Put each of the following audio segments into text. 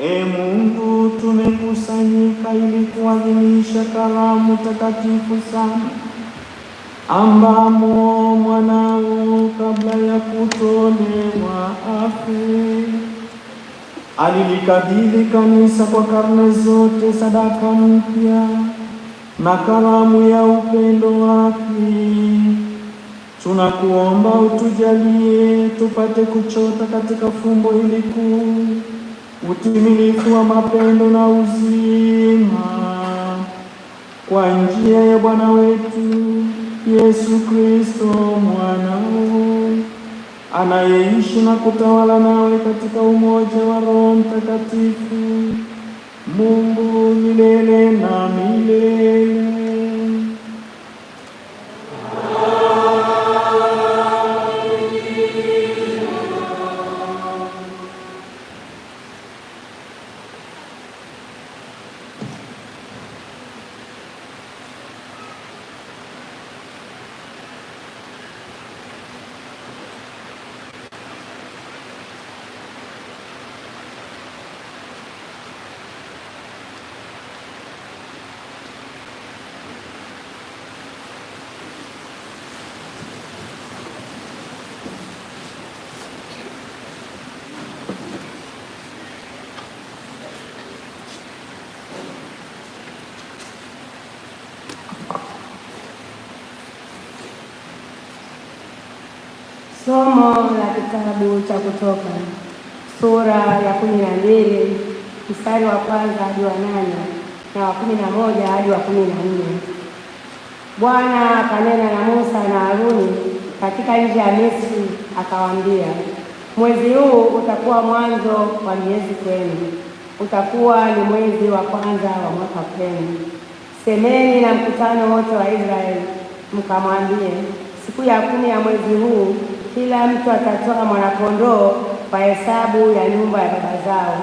E Mungu, tumekusanyika ili kuadhimisha karamu takatifu sana, ambamo mwanao kabla ya kutolewa afe alilikabidhi kanisa kwa karne zote sadaka mpya na karamu ya upendo wake. Tunakuomba utujalie tupate kuchota katika fumbo hili kuu utimilifu wa mapendo na uzima kwa njia ya Bwana wetu Yesu Kristo mwanao anayeishi na kutawala nawe katika umoja wa Roho Mtakatifu Mungu milele na milele. Somo la kitabu cha Kutoka sura ya kumi na mbili mstari wa kwanza hadi wa nane na wa kumi na moja hadi wa kumi na nne. Bwana akanena na Musa na Haruni katika nchi ya Misri akawaambia, mwezi huu utakuwa mwanzo wa miezi kwenu, utakuwa ni mwezi wa kwanza wa mwaka kwenu. Semeni na mkutano wote wa Israeli mkamwambie, siku ya kumi ya mwezi huu kila mtu atatoa mwanakondoo kwa hesabu ya nyumba ya baba zao,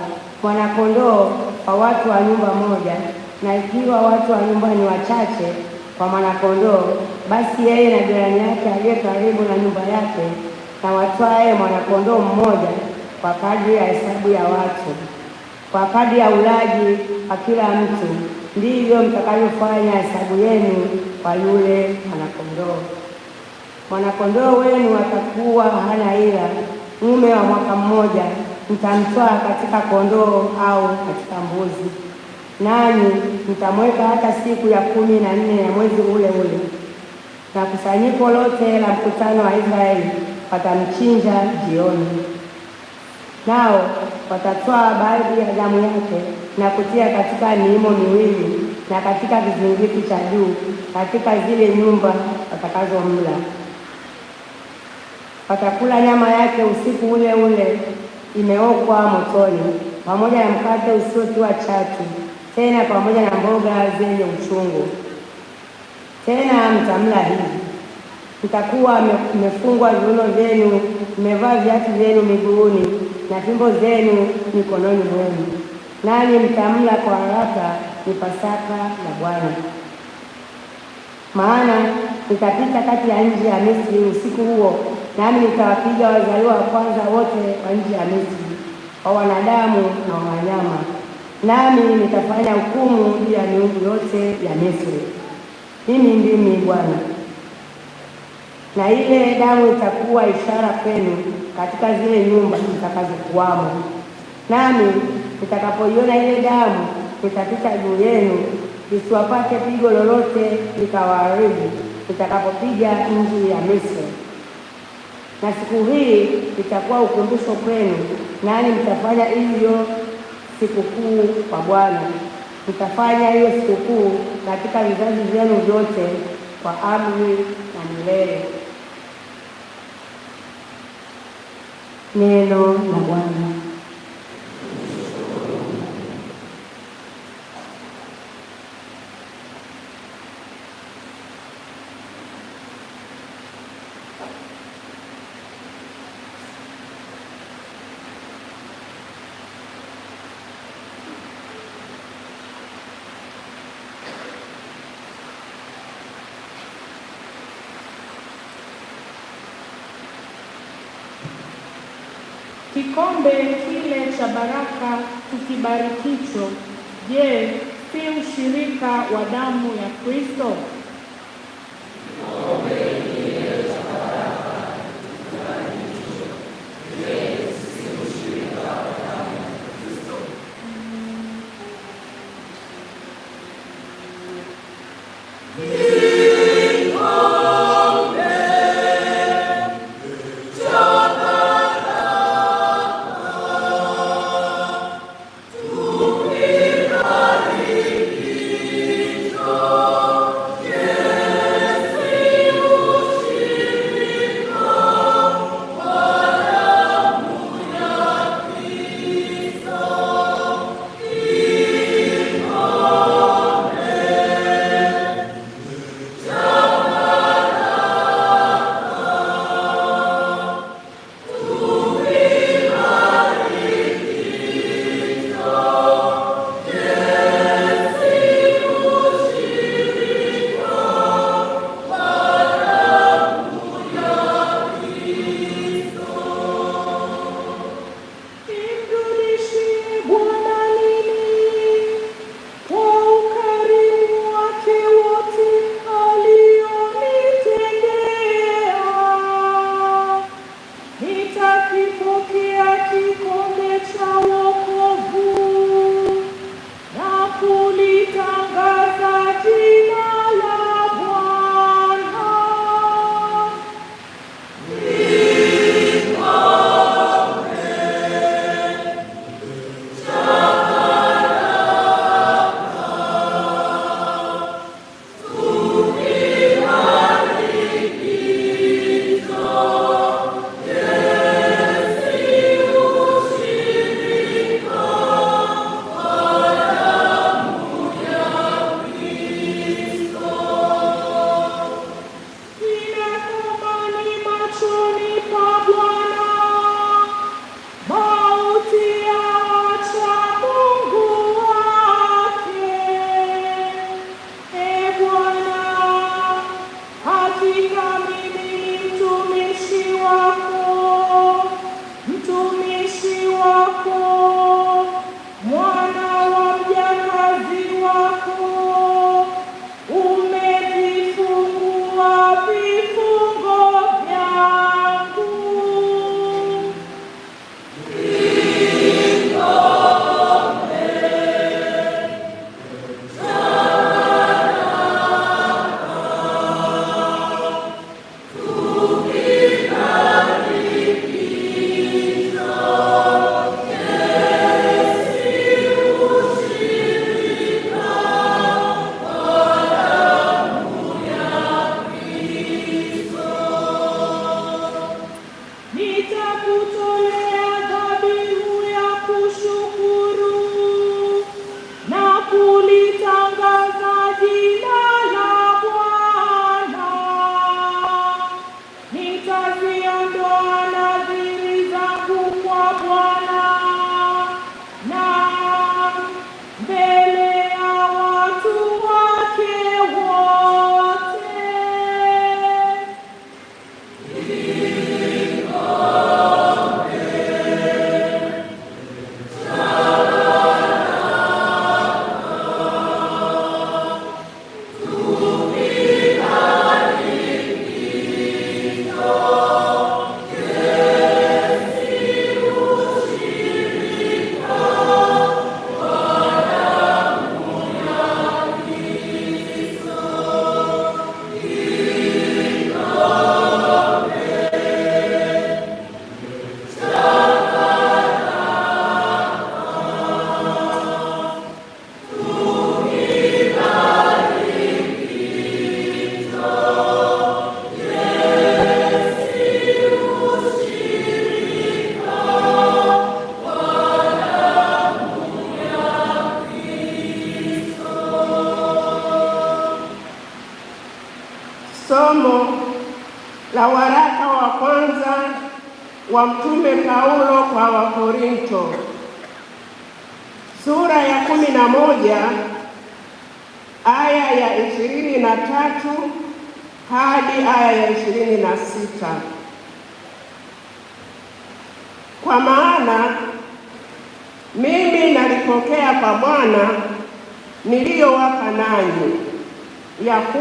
mwanakondoo kwa watu wa nyumba moja. Na ikiwa watu wa nyumba ni wachache kwa mwanakondoo, basi yeye na jirani yake aliye karibu na nyumba yake na watwaye mwanakondoo mmoja kwa kadri ya hesabu ya watu, kwa kadri ya ulaji wa kila mtu, ndivyo mtakavyofanya hesabu yenu kwa yule mwanakondoo. Mwanakondoo wenu atakuwa hana ila, mume wa mwaka mmoja mtamtwaa katika kondoo au katika mbuzi, nanyi mtamweka hata siku ya kumi na nne ya mwezi ule ule, na kusanyiko lote la mkutano wa Israeli watamchinja jioni, nao watatwaa baadhi ya damu yake na kutia katika miimo miwili na katika kizingiti cha juu katika zile nyumba watakazomla. Watakula nyama yake usiku ule ule imeokwa motoni, pamoja na mkate usiotiwa chachu, tena pamoja na mboga zenye uchungu. Tena mtamla hivi: mtakuwa mmefungwa viuno vyenu, mmevaa viatu vyenu miguuni, na fimbo zenu mikononi mwenu, nani mtamla kwa haraka; ni Pasaka ya Bwana. Maana nitapita kati ya nchi ya Misri usiku huo nami nitawapiga wazaliwa wa kwanza wote wa nchi ya Misri, wa wanadamu na wa wanyama, nami nitafanya hukumu juu ya miungu yote ya Misri. Mimi ndimi Bwana. Na ile damu itakuwa ishara kwenu katika zile nyumba zitakazokuwamo, nami nitakapoiona ile damu nitapita juu yenu, isiwapate pigo lolote likawaharibu nitakapopiga nchi ya Misri na siku hii itakuwa ukumbusho kwenu, nani mtafanya hiyo sikukuu kwa Bwana. Mtafanya hiyo sikukuu katika vizazi vyenu vyote kwa amri na milele. Neno la Bwana. kibarikicho, je, si ushirika wa damu ya Kristo?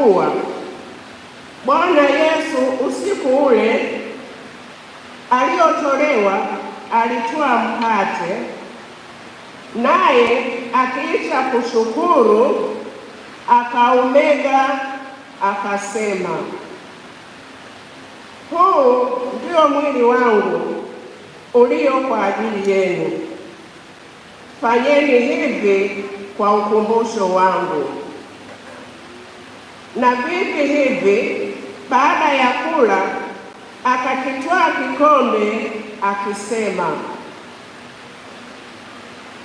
kuwa Bwana Yesu usiku ule aliotolewa alitoa mkate, naye akiisha kushukuru akaumega, akasema, huu ndio mwili wangu ulio kwa ajili yenu, fanyeni hivi kwa ukumbusho wangu na vivi hivi. Baada ya kula, akakitwaa kikombe akisema,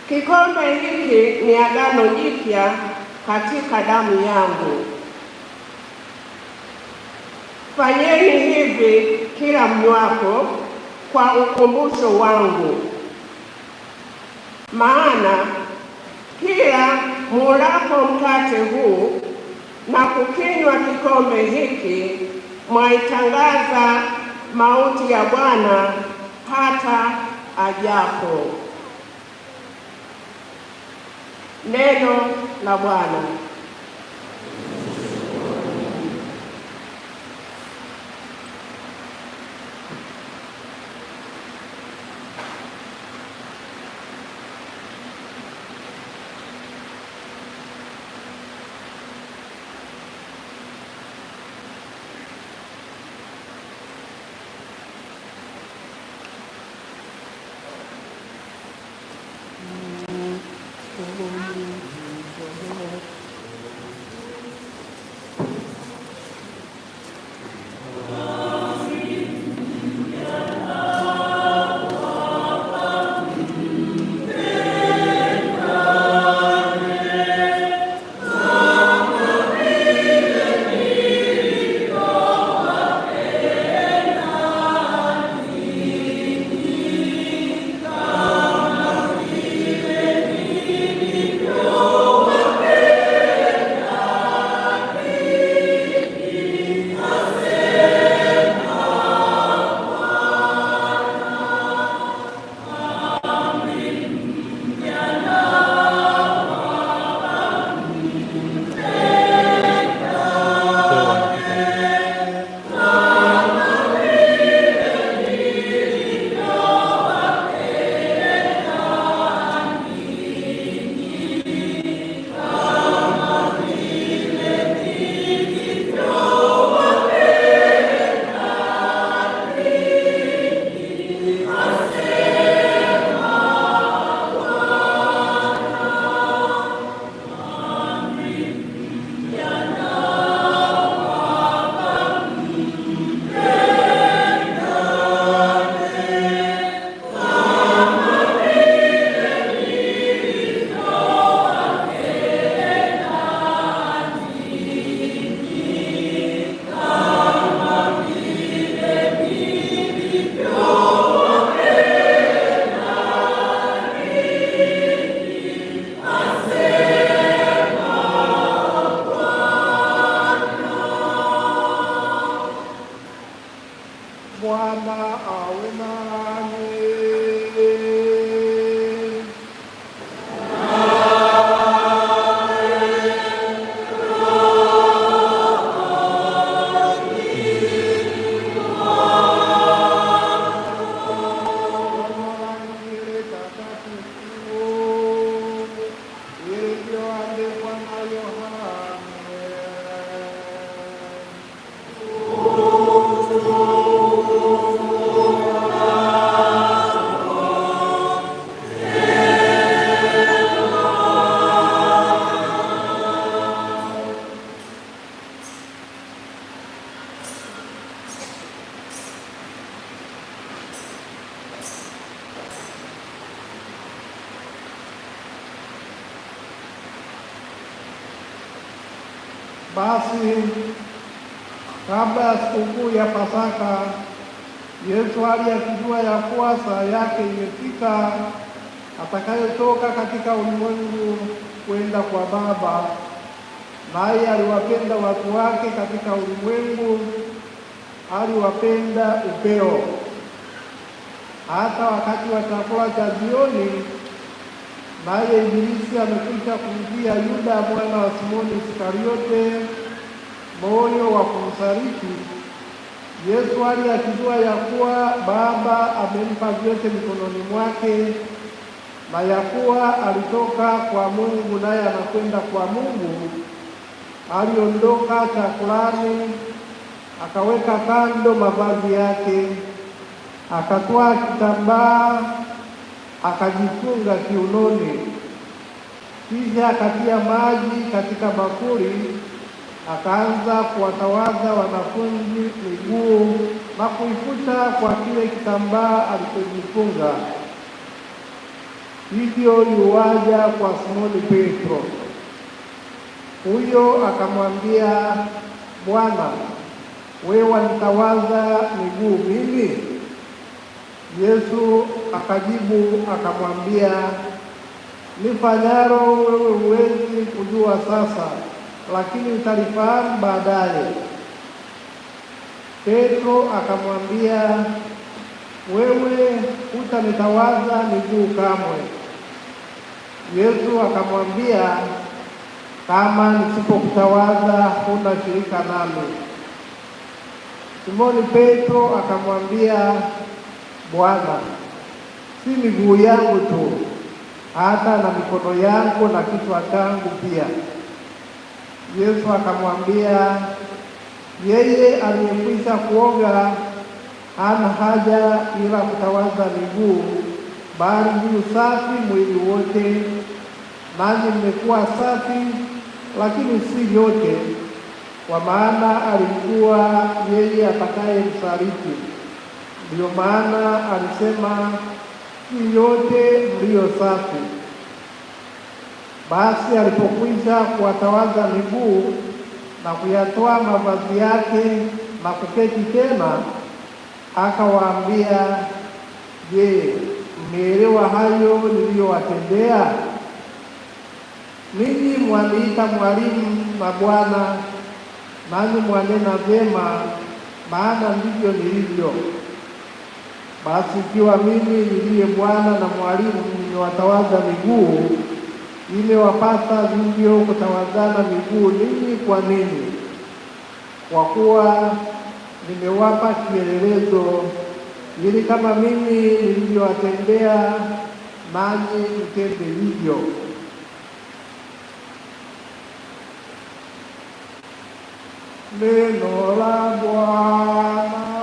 kikombe hiki ni agano jipya katika damu yangu, fanyeni hivi kila mnywapo kwa ukumbusho wangu. Maana kila mulapo mkate huu na kukinywa kikombe hiki mwaitangaza mauti ya Bwana hata ajapo. Neno la Bwana. Basi kabla ya sikukuu ya Pasaka, Yesu aliyakijua ya kuwa saa yake imefika atakayotoka katika ulimwengu kwenda kwa Baba, naye aliwapenda watu wake katika ulimwengu, aliwapenda upeo. Hata wakati wa chakula cha jioni naye Ibilisi amekwisha kumjia Yuda mwana wa Simoni Iskariote moyo wa kumsaliti. Yesu ali akijua ya kuwa Baba amempa vyote mikononi mwake na ya kuwa alitoka kwa Mungu naye anakwenda kwa Mungu, aliondoka chakulani, akaweka kando mavazi yake, akatwaa kitambaa akajifunga kiunoni, kisha akatia maji katika bakuli, akaanza kuwatawaza wanafunzi miguu na kuifuta kwa kile kitambaa alichojifunga. Hivyo yuwaja kwa Simoni Petro. Huyo akamwambia, Bwana, wewe wanitawaza miguu mimi? Yesu akajibu akamwambia, nifanyaro wewe huwezi kujua sasa, lakini utalifahamu baadaye. Petro akamwambia, wewe hutanitawaza miguu kamwe. Yesu akamwambia, kama nisipokutawaza huna shirika nami. Simoni Petro akamwambia Bwana, si miguu yangu tu, hata na mikono yangu na kichwa changu pia. Yesu akamwambia yeye aliyekwisha kuoga hana haja ila kutawaza miguu, bali yu safi mwili wote. Nanyi mmekuwa safi, lakini si yote, kwa maana alikuwa yeye atakaye msaliti. Ndiyo maana alisema yote mliyo safi. Basi alipokwisha kuwatawaza miguu na kuyatoa mavazi yake na kuketi tena, akawaambia, Je, mmeelewa hayo niliyowatendea? Ninyi mwaniita mwalimu na Bwana, nani mwanena vyema, maana ndivyo nilivyo. Basi ikiwa mimi niliye Bwana na mwalimu nimewatawaza miguu, imewapasa vivyo kutawazana miguu ninyi kwa ninyi, kwa kuwa nimewapa kielelezo, ili kama mimi nilivyowatendea nanyi mtende hivyo. Neno la Bwana.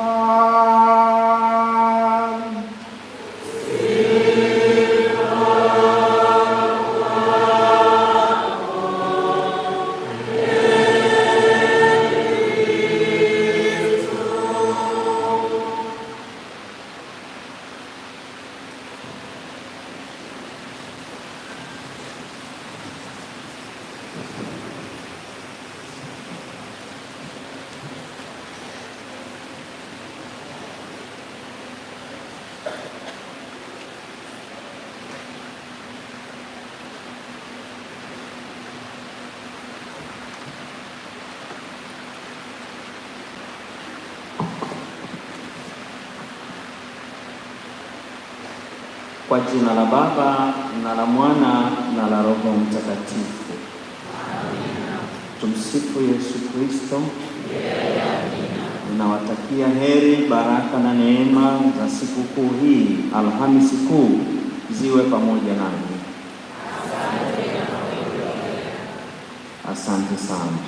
Kwa jina la Baba na la Mwana na la Roho Mtakatifu. Tumsifu Yesu Kristo. Ninawatakia heri, baraka na neema za sikukuu hii Alhamisi Kuu ziwe pamoja nanyi. Asante sana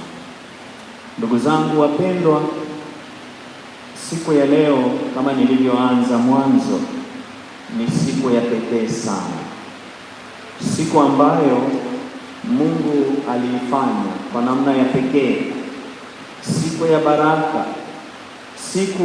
ndugu zangu wapendwa, siku ya leo kama nilivyoanza mwanzo siku ya pekee sana, siku ambayo Mungu aliifanya kwa namna ya pekee, siku ya baraka, siku